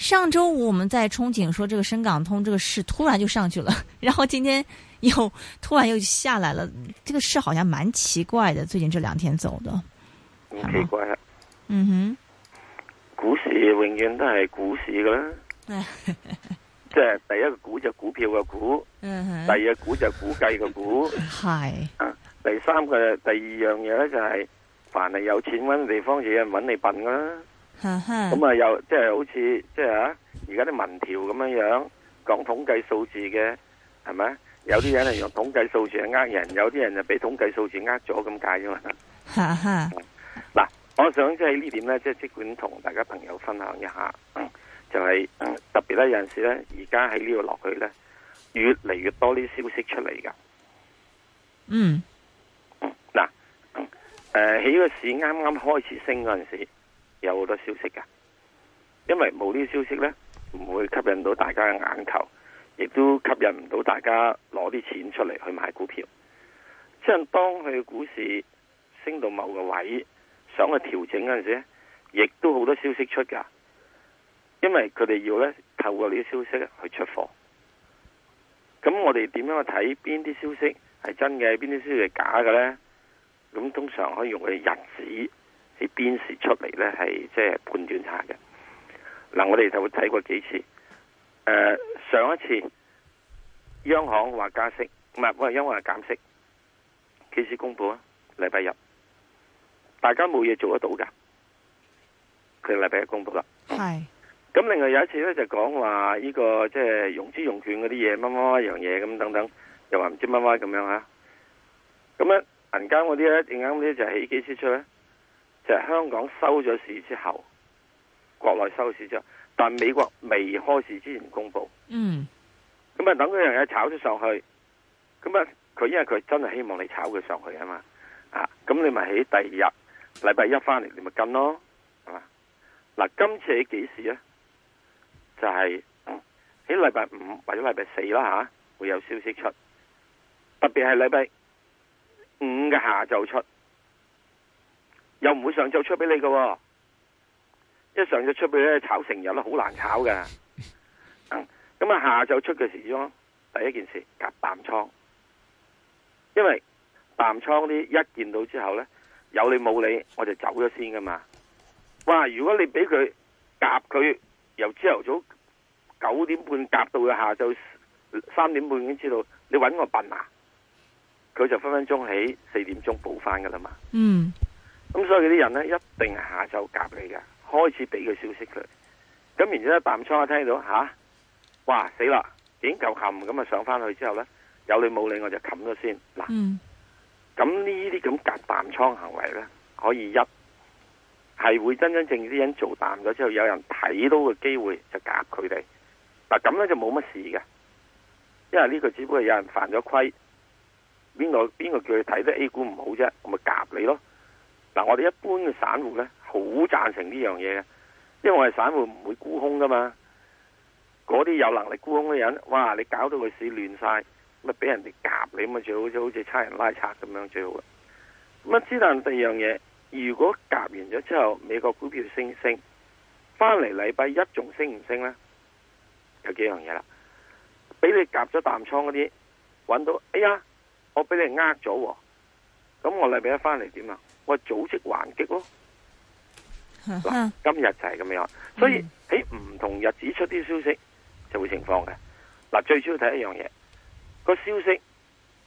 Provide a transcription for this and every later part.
上周五我們在憧憬說這個深港通這個市突然就上去了，然後今天又突然又下來了，這個市好像蠻奇怪的。最近這兩天走的，唔奇怪啊。嗯哼，股市永遠都係股市噶啦。 即係第一個股就股票嘅股，第二個股就估計嘅股，係啊。第三個第二樣嘢咧就係，凡係有錢搵地方，有人搵你笨噶啦。咁啊，又，即係好似即係啊，而家啲民調咁樣樣講統計數字嘅，係咪？有啲人係用統計數字呃人，有啲人就俾統計數字呃咗咁解啫嘛。嗱， 我想即係呢點咧，即係即管同大家朋友分享一下，嗯、就係、是、特別咧，有陣時咧，而家喺呢度落去咧，越嚟越多啲消息出嚟噶。嗯，嗱，誒、呃，起個市啱啱開始升嗰陣時候。有好多消息噶，因為冇呢啲消息呢，唔會吸引到大家嘅眼球，亦都吸引唔到大家攞啲錢出嚟去買股票。即係當佢股市升到某個位，想去調整嗰陣時候，亦都好多消息出噶，因為佢哋要呢透過呢啲消息去出貨。咁我哋點樣去睇邊啲消息係真嘅，邊啲消息係假嘅呢？咁通常可以用佢哋日子。你邊時出嚟咧？係即係判斷下嘅。嗱、啊，我哋就會睇過幾次。誒、呃，上一次央行話加息，唔係喂，央行話減息，幾時公布啊？禮拜日，大家冇嘢做得到噶。佢禮拜一公布啦。係是。咁另外有一次咧，就講話呢個即係融資融券嗰啲嘢，乜乜一樣嘢咁等等，又話唔知乜乜咁樣啊。咁咧銀監嗰啲咧，點解啲就係幾時出咧？就係香港收咗市之後，國內收市之後，但美國未開市之前公布，嗯，咁啊等佢樣嘢炒咗上去，咁啊佢因為佢真係希望你炒佢上去啊嘛，啊，咁你咪喺第二日禮拜一翻嚟，你咪跟咯，係嘛，嗱、啊，今次喺幾時啊？就係喺禮拜五或者禮拜四啦吓、啊，會有消息出，特別係禮拜五嘅下晝出。又唔會上晝出俾你嘅、啊，因為上晝出俾咧炒成日都好難炒㗎。咁、嗯、啊、嗯，下晝出嘅時候，第一件事夾淡倉，因為淡倉啲一見到之後咧有你冇你，我就走咗先噶嘛。哇！如果你俾佢夾佢由朝頭早九點半夾到佢下晝三點半已經知道，你搵我笨啊！佢就分分鐘喺四點鐘補翻噶啦嘛。嗯。咁所以嗰啲人咧一定係下晝夾你嘅，開始俾佢消息佢。咁然之後淡倉一聽到吓、啊，哇死啦，已經夠冚咁啊！就上翻去之後咧，有你冇理我就冚咗先。嗱，咁呢啲咁夾淡倉行為咧，可以一係會真真正正啲人做淡咗之後，有人睇到個機會就夾佢哋。嗱，咁咧就冇乜事嘅，因為呢個只不過有人犯咗規，邊個邊個叫佢睇得 A 股唔好啫，我咪夾你咯。嗱、啊，我哋一般嘅散戶咧，好贊成呢樣嘢嘅，因為我哋散戶唔會沽空噶嘛。嗰啲有能力沽空嘅人，哇！你搞到佢市亂晒，咪俾人哋夾你咪最好，好似好似差人拉賊咁樣最好嘅。咁啊，之但第二樣嘢，如果夾完咗之後，美國股票升升，翻嚟禮拜一仲升唔升咧？有幾樣嘢啦，俾你夾咗淡倉嗰啲，揾到哎呀，我俾你呃咗，咁我禮拜一翻嚟點啊？我組織還擊咯，嗱，今日就係咁樣，所以喺唔同日子出啲消息就會情況嘅。嗱，最主要睇一樣嘢，個消息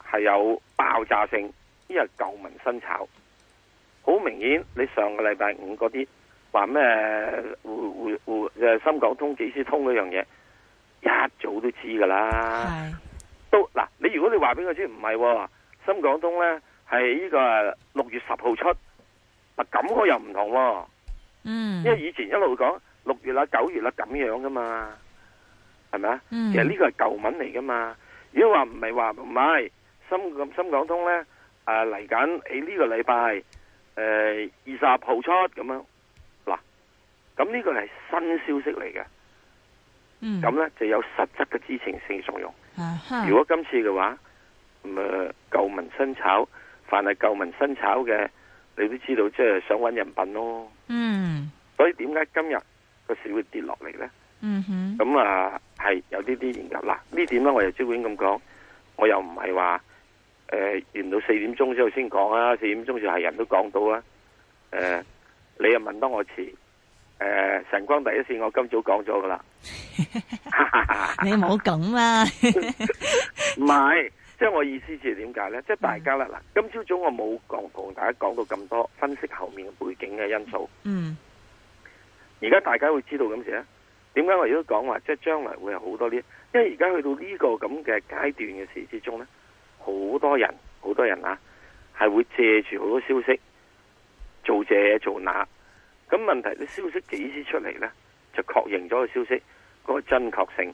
係有爆炸性，呢係舊聞新炒，好明顯。你上個禮拜五嗰啲話咩，胡誒，深港通幾時通嗰樣嘢，一早都知噶啦。都嗱，你如果你話俾我知唔係，深港通咧？係呢個六月十號出，嗱咁我又唔同，嗯，因為以前一路講六月啦，九月啦咁樣噶嘛，係咪啊？嗯，其實呢個係舊聞嚟噶嘛，如果話唔係話唔係深深港通咧，誒嚟緊誒呢個禮拜誒二十號出咁樣，嗱，啊，咁呢個係新消息嚟嘅，嗯，咁咧就有實質嘅知情性作用，啊，哈如果今次嘅話誒、嗯、舊聞新炒。凡係舊聞新炒嘅，你都知道即係、就是、想揾人品咯。嗯、mm，hmm. 所以點解今日個市會跌落嚟咧？嗯哼、mm。咁、hmm. 啊，係有啲啲研究啦。嗱，呢點咧我又招片咁講，我又唔係話誒，完到四點鐘之後先講啊，四點鐘就係人都講到啊。誒、呃，你又問得我遲。誒、呃，晨光第一線我今早講咗噶啦。 你唔好咁啊 不是。唔係。即係我意思，就係點解呢？即係大家咧，嗱，今朝早我冇講同大家講到咁多分析後面嘅背景嘅因素。嗯。而家大家會知道咁時咧，點解我如果講話，即係將來會有好多呢？因為而家去到呢個咁嘅階段嘅事之中呢，好多人，好多人啊，係會借住好多消息做這做那。咁問題，啲消息幾時出嚟呢？就確認咗個消息嗰個真確性。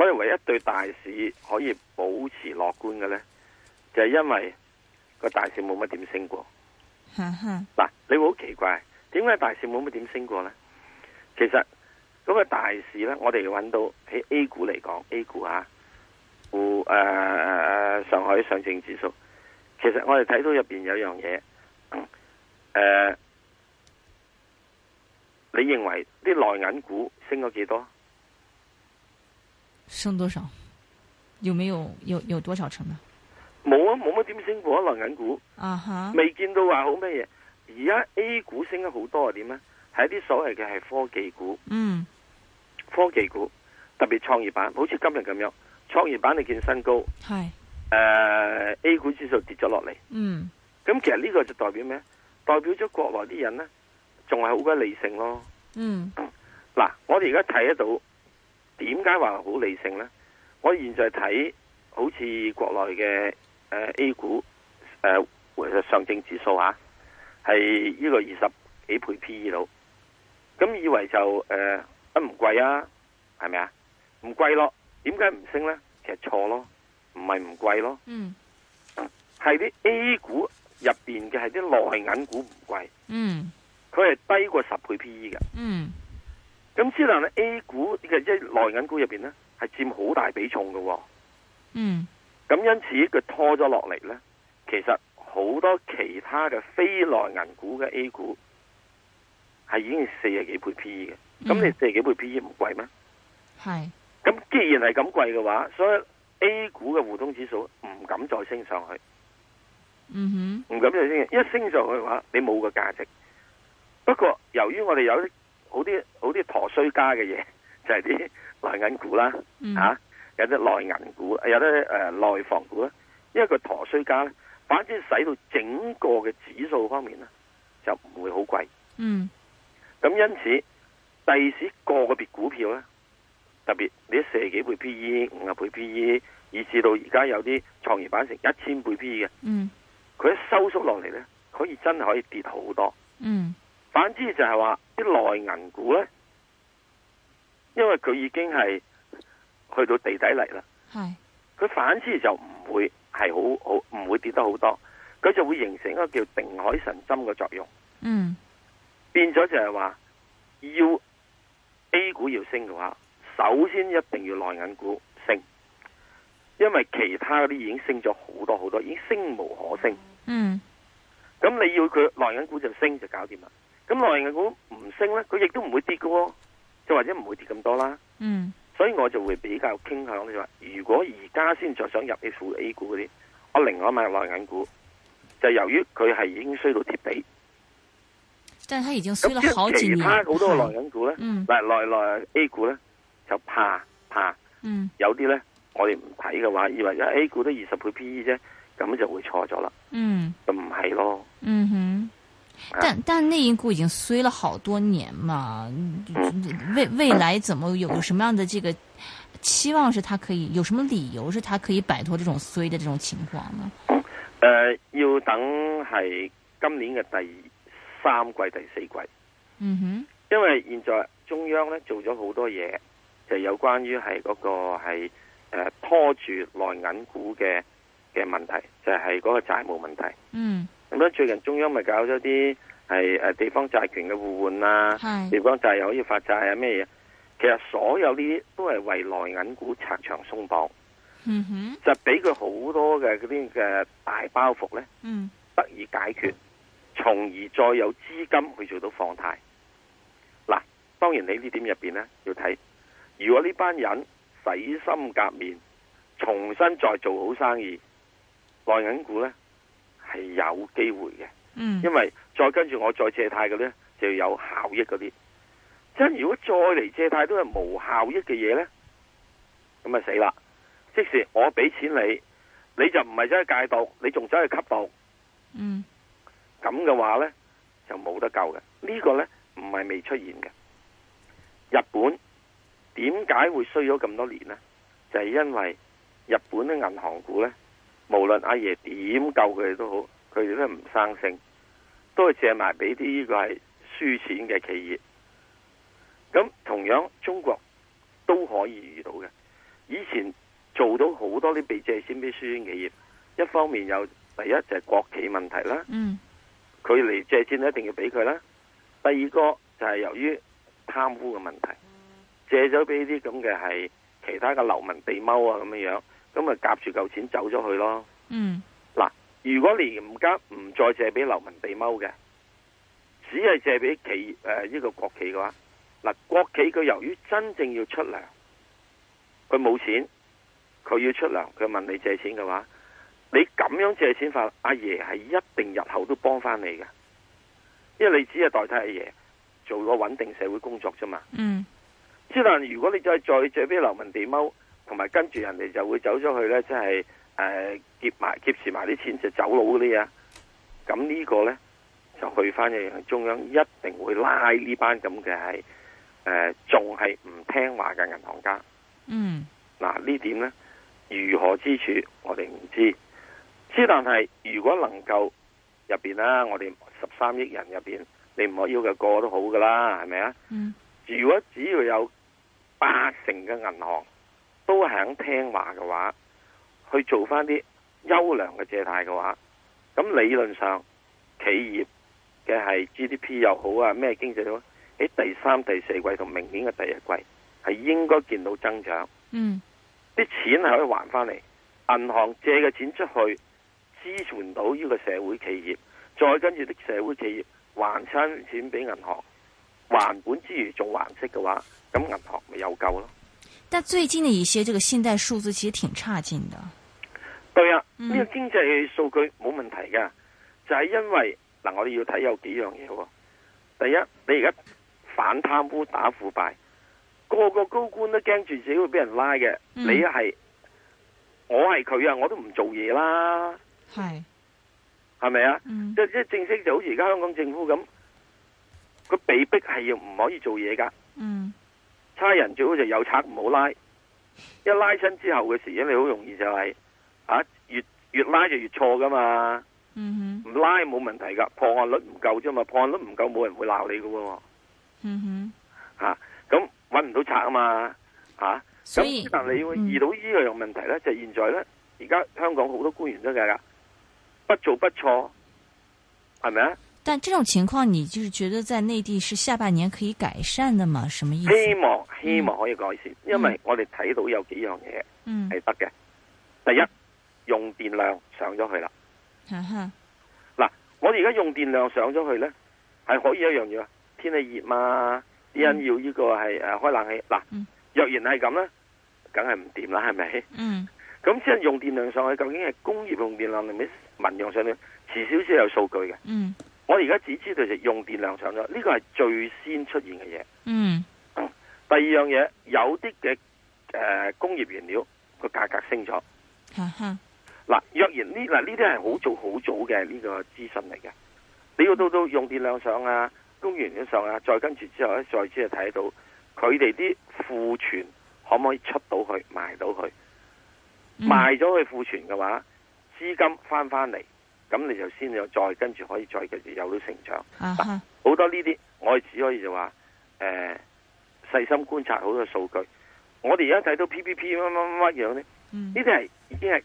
我哋唯一對大市可以保持樂觀嘅呢，就係、是、因為個大市冇乜點升過。嗱， 你會好奇怪，點解大市冇乜點升過呢？其實個大市呢，我哋揾到喺 A 股嚟講，A 股啊，誒、啊、上海上證指數，其實我哋睇到入邊有一樣嘢，誒、嗯啊，你認為啲內銀股升咗幾多？升多少？有沒有有有多少成沒啊？冇啊，冇乜點升過藍銀股啊未、uh huh. 見到話好咩嘢？而家 A 股升得好多啊？點咧？係一啲所謂嘅係科技股嗯，科技股特別創業板，好似今日咁樣，創業板你見新高係誒 Hi.、呃、A 股指數跌咗落嚟嗯，咁其實呢個就代表咩？代表咗國內啲人咧，仲係好鬼理性咯嗯，嗱，我哋而家睇得到。點解話好理性咧？我現在睇好似國內嘅誒 A 股誒、啊、上證指數吓係呢個二十幾倍 P E 度，咁以為就誒都唔貴啊，係咪啊？唔貴咯？點解唔升咧？其實錯咯，唔係唔貴咯。嗯，係啲 A 股入邊嘅係啲內銀股唔貴。嗯，佢係低過十倍 P E 嘅。嗯。咁只能 A 股嘅，即係內銀股入邊咧，係佔好大比重嘅。哦。嗯，咁因此佢拖咗落嚟咧，其實好多其他嘅非內銀股嘅 A 股係已經四十幾倍 PE 嘅。咁、嗯、你四十幾倍 PE 唔貴咩？係是。咁既然係咁貴嘅話，所以 A 股嘅互通指數唔敢再升上去。嗯哼，唔敢再升上去，一升上去嘅話，你冇個價值。不過由於我哋有。好啲好啲陀衰家嘅嘢就係啲內銀股啦，吓、嗯啊、有啲內銀股，有啲誒內房股啦，因為佢陀衰家咧，反之使到整個嘅指數方面咧就唔會好貴，嗯，咁因此第時個別股票咧，特別你四幾倍 P E 五十倍 P E，以至到而家有啲創業板成一千倍 P E 嘅，嗯，佢一收縮落嚟咧，可以真係可以跌好多，嗯。反之就係話啲內銀股咧，因為佢已經係去到地底嚟啦。係是，佢反之就唔會係好好，唔會跌得好多，佢就會形成一個叫定海神針嘅作用。嗯，變咗就係話要 A 股要升嘅話，首先一定要內銀股升，因為其他嗰啲已經升咗好多好多，已經升無可升。嗯，咁你要佢內銀股就升就搞掂啦。咁內銀股唔升咧，佢亦都唔會跌喎，就或者唔會跌咁多啦。嗯，所以我就會比較傾向你話，如果而家先再想入 A 股、A 股嗰啲，我另外買內銀股，就由於佢係已經衰到貼地。但係已經衰了好幾其他好多內銀股咧，嗱，內、嗯、內 A 股咧就怕怕，嗯、有啲咧我哋唔睇嘅話，以為就 A 股都二十倍 PE 啫，咁就會錯咗啦。嗯，就唔係咯。嗯。但但內銀股已經衰了好多年嘛，未未來怎麼有有什麼樣的這個期望，是他可以有什麼理由，是他可以擺脫這種衰的這種情況呢？誒、呃，要等係今年嘅第三季第四季。嗯哼。因為現在中央咧做咗好多嘢，就有關於係嗰、那個係誒拖住內銀股嘅嘅問題，就係、是、嗰個債務問題。嗯。最近中央咪搞咗啲係誒地方債權嘅互換啊，是地方債又可以發債啊咩嘢？其實所有呢啲都係為內銀股拆牆鬆綁，嗯、哼，就俾佢好多嘅嗰啲嘅大包袱咧，嗯，得以解決，從而再有資金去做到放貸。嗱，當然你呢點入邊咧，要睇如果呢班人洗心革面，重新再做好生意，內銀股咧。係有機會嘅，因為再跟住我再借貸嘅咧，就要有效益嗰啲。即如果再嚟借貸都係無效益嘅嘢呢，咁咪死啦！即使我俾錢你，你就唔係走去戒賭，你仲走去吸毒。嗯，咁嘅話呢，就冇得救嘅。呢個呢，唔係未出現嘅。日本點解會衰咗咁多年呢？就係因為日本啲銀行股呢。無論阿爺點救佢都好，佢哋都係唔生性，都係借埋俾啲呢個係輸錢嘅企業。咁同樣中國都可以遇到嘅，以前做到好多啲備借錢俾輸錢企業。一方面有第一就係國企問題啦，嗯，佢嚟借錢一定要俾佢啦。第二個就係由於貪污嘅問題，借咗俾啲咁嘅係其他嘅流民地踎啊咁樣樣。咁咪夾住嚿錢走咗去咯。嗯，嗱，如果你而家唔再借俾流民地踎嘅，只係借俾企誒呢、呃這個國企嘅話，嗱，國企佢由於真正要出糧，佢冇錢，佢要出糧，佢問你借錢嘅話，你咁樣借錢法，阿爺係一定日後都幫翻你嘅，因為你只係代替阿爺做個穩定社會工作啫嘛。嗯，即但如果你再再借俾流民地踎。同埋跟住人哋就會走出去呢，即、就、係、是呃、劫埋劫持埋啲錢就走佬嗰啲啊！咁呢個呢，就去翻嘅中央一定會拉呢班咁嘅係仲係唔聽話嘅銀行家。嗯，嗱呢、啊、點呢，如何之處，我哋唔知。之但係如果能夠入面啦、啊，我哋十三億人入面，你唔可以要求個個都好㗎啦，係咪啊？嗯。如果只要有八成嘅銀行，都肯聽話嘅話去做翻啲優良嘅借貸嘅話，咁理論上企業嘅係 GDP 又好啊，咩經濟都好，喺第三、第四季同明年嘅第二季係應該見到增長。嗯，啲錢係可以還翻嚟，銀行借嘅錢出去支存到呢個社會企業，再跟住啲社會企業還親錢俾銀行，還本之餘仲還息嘅話，咁銀行咪又夠咯。但最近的一些這個現代數字其實挺差勁的。對啊，呢、嗯、個經濟數據冇問題噶，就係、是、因為嗱，我哋要睇有幾樣嘢喎。第一，你而家反貪污打腐敗，個個高官都驚住自己會俾人拉嘅。嗯、你係我係佢啊，我都唔做嘢啦。係係咪啊？即即、嗯、正式就好似而家香港政府咁，佢被逼係要唔可以做嘢噶。嗯。差人最好就有賊唔好拉，一拉親之後嘅事，因你好容易就係、是，啊越越拉就越錯噶嘛。嗯哼，唔拉冇問題噶，破案率唔夠啫嘛，破案率唔夠冇人會鬧你噶。嗯哼，啊咁搵唔到賊啊嘛，啊咁但係你會遇到呢個問題咧，嗯、就現在咧，而家香港好多官員都係噶，不做不錯，係咪？但這種情況，你就是覺得在內地是下半年可以改善的嗎？什麼意思？希望希望可以改善，嗯、因為我哋睇到有幾樣嘢，嗯，係得嘅。第一，嗯、用電量上咗去啦哈哈啦。嗱，我哋而家用電量上咗去呢，係可以一樣嘢，天氣熱嘛，啲、嗯、人要呢個係誒開冷氣。嗱，嗯、若然係咁呢，梗係唔掂啦，係咪？嗯。咁即係用電量上去，究竟係工業用電量定咩？民用上去，遲少少有數據嘅。嗯。我而家只知道就用電量上咗，呢、這個係最先出現嘅嘢。嗯、啊，第二樣嘢有啲嘅誒工業原料個價格升咗。嗱哈、啊，若然呢嗱呢啲係好早好早嘅呢、這個資訊嚟嘅，你要到到用電量上啊，工業原料上啊，再跟住之後咧，再次係睇到佢哋啲庫存可唔可以出到去賣到去，嗯、賣咗去庫存嘅話，資金翻翻嚟。咁你就先有再跟住可以再繼續有到成長。好、uh huh. 多呢啲，我只可以就話，誒，細心觀察好多數據。我哋而家睇到、PP、P P P 乜乜乜樣呢？呢啲係已經係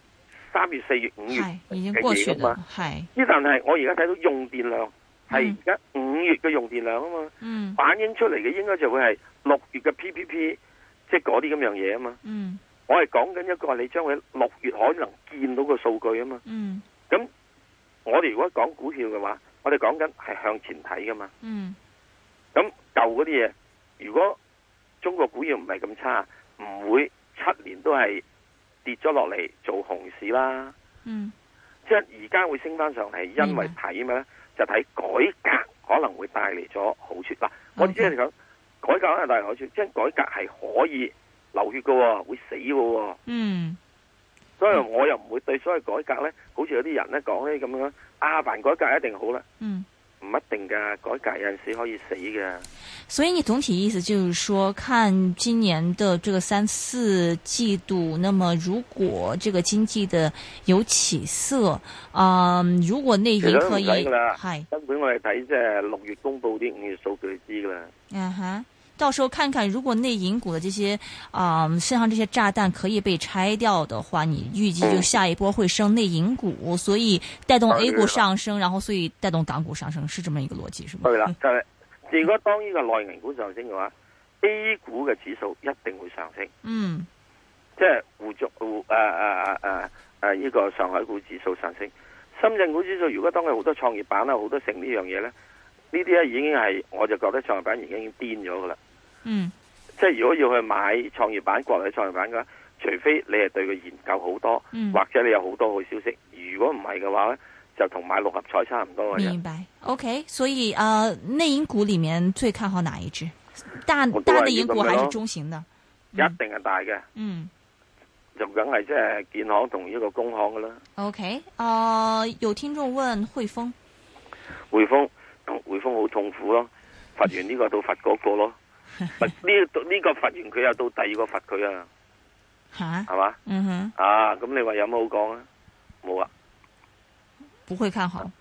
三月、四月、五月已經過去嘛。係呢，但係我而家睇到用電量係而家五月嘅用電量啊嘛，嗯、反映出嚟嘅應該就會係六月嘅 P P P，即係嗰啲咁樣嘢啊嘛。嗯、我係講緊一個你將會六月可能見到個數據啊嘛。嗯。我哋如果講股票嘅話，我哋講緊係向前睇噶嘛。嗯。咁舊嗰啲嘢，如果中國股票唔係咁差，唔會七年都係跌咗落嚟做熊市啦。嗯。即係而家會升翻上嚟，因為睇咩咧？就睇改革可能會帶嚟咗好處。嗱，我哋即係講改革可能帶嚟好處，即係改革係可以流血噶，會死噶。嗯。所以、嗯、我又唔會對所謂改革咧，好似有啲人咧講咧咁樣，啊凡改革一定好啦，唔、嗯、一定噶，改革有陣時可以死噶所以你總體意思就係說，看今年的這個三四季度，那麼如果這個經濟的有起色，啊、呃、如果內銀可以，係是根本我哋睇即係六月公布啲五月數據知噶啦。嗯、uh huh. 到時候看看，如果內銀股的這些啊、呃、身上這些炸彈可以被拆掉的話，你預計就下一波會升內銀股，嗯、所以帶動 A 股上升，嗯、然後所以帶動港股上升，是這麼一個邏輯，是嗎？對啦、就是，如果當呢個內銀股上升嘅話、嗯、，A 股嘅指數一定會上升。嗯，即係滬足滬誒誒誒誒誒呢個上海股指數上升，深圳股指數如果當佢好多創業板啊好多成這樣東西呢樣嘢咧。呢啲咧已經係，我就覺得創業板已經已癲咗噶啦。嗯，即係如果要去買創業板，國內創業板嘅話，除非你係對佢研究好多，嗯、或者你有好多好消息。如果唔係嘅話，就同買六合彩差唔多嘅。明白。OK，所以誒、呢、呃、內銀股裏面最看好哪一支？大大內銀股還是中型的？一定係大嘅。嗯，就梗係即係建行同一個工行噶啦。OK，誒、呃，有聽眾問匯豐。匯豐。匯豐好痛苦咯，罰完呢個到罰嗰個咯，罰呢呢個罰完佢又到第二個罰佢啊，吓係嘛，吧嗯哼，啊咁你話有冇好講啊？冇啊，不會看好，誒、啊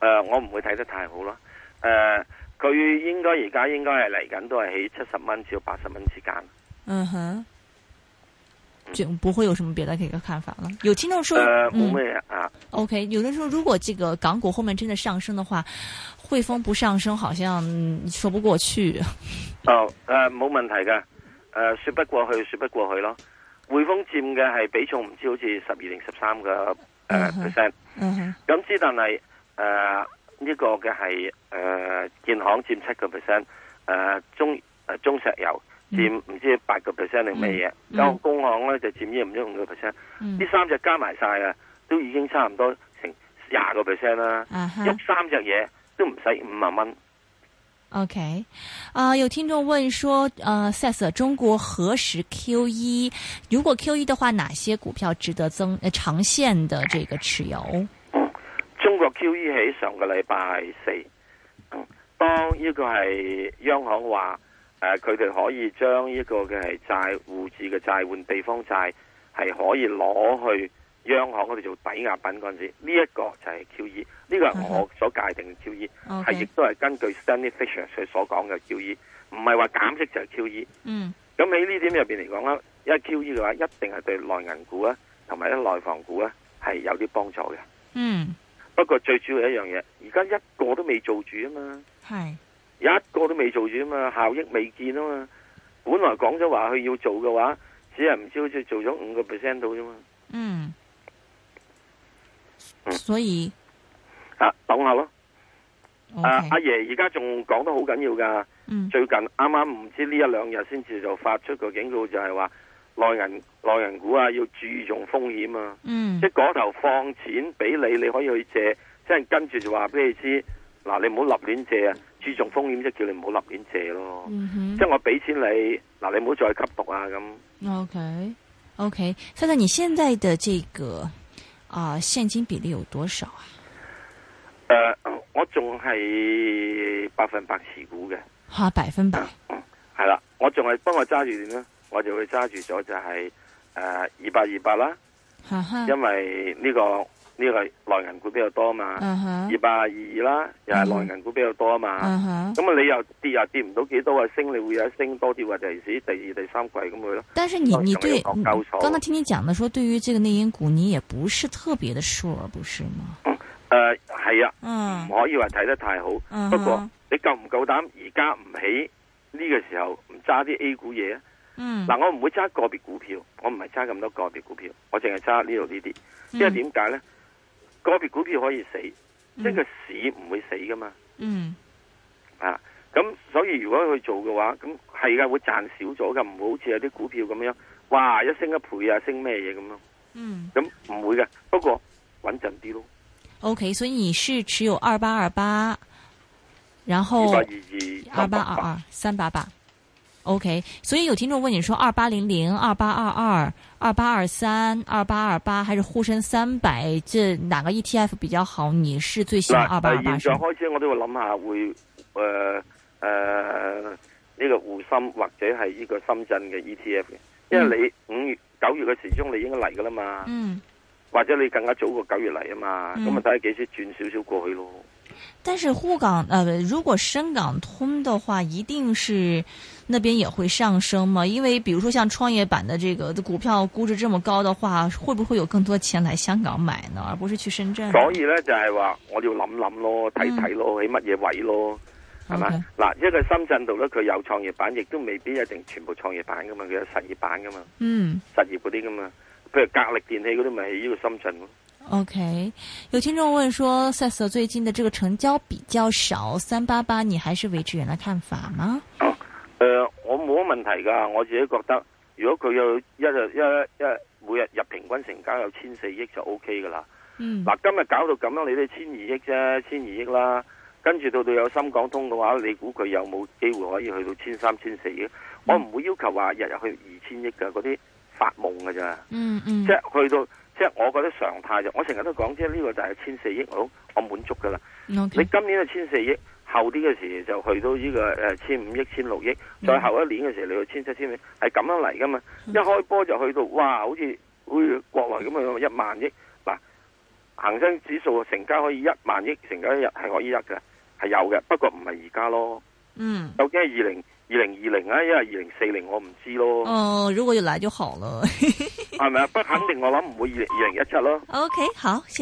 呃，我唔會睇得太好咯，誒、呃，佢應該而家應該係嚟緊都係喺七十蚊至到八十蚊之間，嗯哼。就不會有什麼別的一個看法啦。有聽到說，冇咩、呃嗯、啊？OK，有人說如果這個港股後面真的上升的話，匯豐不上升好像說不過去。哦，誒、呃、冇問題嘅，誒、呃、說不過去說不過去咯。匯豐佔嘅係比重唔知好似十二定十三個誒 percent，咁之但係誒呢個嘅係誒建行佔七個 percent，誒中誒中石油。佔唔知八個 percent 定乜嘢？有工、嗯嗯、行咧就佔呢，唔知五個 percent。呢三隻加埋晒啊，都已經差唔多成廿、啊、哈個 percent 啦。一三隻嘢都唔使五萬蚊。OK，啊有聽眾問說，啊 Sasa 中國何時 QE？如果 QE 的話，哪些股票值得增誒、呃、長線的這個持有？中國 QE 喺上個禮拜四，嗯、當呢個係央行話。.誒，佢哋、啊、可以將呢個嘅係債、戶字嘅債換地方債，係可以攞去央行嗰度做抵押品嗰陣時，呢、這、一個就係 QE，呢個係我所界定嘅 QE，係亦都係根據 Stanley Fischer 佢所講嘅 QE，唔係話減息就係 QE。嗯，咁喺呢點入邊嚟講啦，因為 QE 嘅話一定係對內銀股啊，同埋咧內房股咧係有啲幫助嘅。嗯，不過最主要是一樣嘢，而家一個都未做住啊嘛。係。有一個都未做住啊嘛，效益未見啊嘛。本來講咗話佢要做嘅話，只係唔知好似做咗五個 percent 到啫嘛。嗯。所以啊，等下咯。阿阿爺而家仲講得好緊要噶。嗯。最近啱啱唔知呢一兩日先至就發出個警告就是說，就係話內銀內銀股啊，要注重風險啊。嗯。即係嗰頭放錢俾你，你可以去借，即係跟住就話俾你知嗱，你唔好立亂借啊。嗯注重風險，即係叫你唔好立亂借咯，即係、嗯、哼我俾錢你嗱，你唔好再吸毒啊咁。O K O K，先生，okay, okay. 你現在的這個啊、呃、現金比例有多少啊？誒、呃，我仲係百分百持股嘅，吓百分百。嗯，係啦，我仲係幫我揸住點咧，我就會揸住咗就係誒二百二百啦，呃、哈哈因為呢、這個。呢個係內銀股比較多嘛，二百二二啦，又係內銀股比較多嘛，咁啊、uh huh. 你又跌又跌唔到幾多啊，升你會有升多啲或者係第二第三季咁去咯。但是你你對，剛才聽你講嘅，說，對於這個內銀股，你也不是特別的熟，不是嗎？誒係、嗯呃、啊，唔可、uh huh. 以話睇得太好。不過你夠唔夠膽而家唔起呢個時候唔揸啲 A 股嘢？嗱、uh huh.，我唔會揸個別股票，我唔係揸咁多個別股票，我淨係揸呢度呢啲，因為點解咧？Uh huh. 個別股票可以死，嗯、即係個市唔會死噶嘛。嗯，啊，咁所以如果佢做嘅話，咁係噶會賺少咗噶，唔會好似有啲股票咁樣，哇，一升一倍啊，升咩嘢咁咯。嗯，咁唔會嘅，不過穩陣啲咯。OK，所以你是持有二八二八，然後二八二二二八二二三八八。O、okay, K，所以有聽眾問你說二八零零、二八二二、二八二三、二八二八，還是滬深三百，這哪個 E T F 比較好？你是最喜歡二八二八？嗱、呃，現在開始我都會諗下會誒誒呢個滬深或者係呢個深圳嘅 E T F 因為你五月九月嘅時鐘你應該嚟噶啦嘛，嗯、或者你更加早過九月嚟啊嘛，咁咪睇下幾時轉少少過去咯。但是滬港呃，如果深港通的話，一定是那邊也會上升嘛？因為比如說像創業板的這個股票估值這麼高的話，會不會有更多錢來香港買呢？而不是去深圳啊？所以呢，就係話，我要諗諗咯，睇睇咯，嗯、喺乜嘢位咯？係咪？嗱 Okay.，一個深圳度咧，佢有創業板，亦都未必一定全部創業板噶嘛，佢有實業板噶嘛？嗯，實業嗰啲噶嘛？譬如格力電器嗰啲咪喺呢個深圳咯？OK，有聽眾問說，賽瑟最近的這個成交比較少，三八八，你還是維持原來看法嗎？誒、哦呃，我冇乜問題噶，我自己覺得，如果佢有一日一日一日一日每日入平均成交有千四億就 O K 噶啦。嗯，嗱今日搞到咁樣，你都千二億啫，千二億啦，跟住到到有深港通嘅話，你估佢有冇機會可以去到千三、千四億？我唔會要求話日日去二千億噶，嗰啲發夢噶咋、嗯。嗯嗯，即係去到。即係我覺得常態常、這個、就，就，我成日都講，即係呢個就係千四億我滿足噶啦。Okay. 你今年係千四億，後啲嘅時就去到呢、這個誒千五億、千六億，mm. 再後一年嘅時候你去千七、千八，係咁樣嚟噶嘛？Mm. 一開波就去到哇，好似好似國內咁樣一萬億嗱，恒生指數成交可以一萬億成交一日係可以一噶，係有嘅，不過唔係而家咯。嗯，mm. 究竟係二零二零二零啊，因為二零四零，我唔知咯。哦、呃，如果有嚟就好了。 係咪啊？不肯定，我諗唔會二零一七咯。O、okay, K，好。謝謝。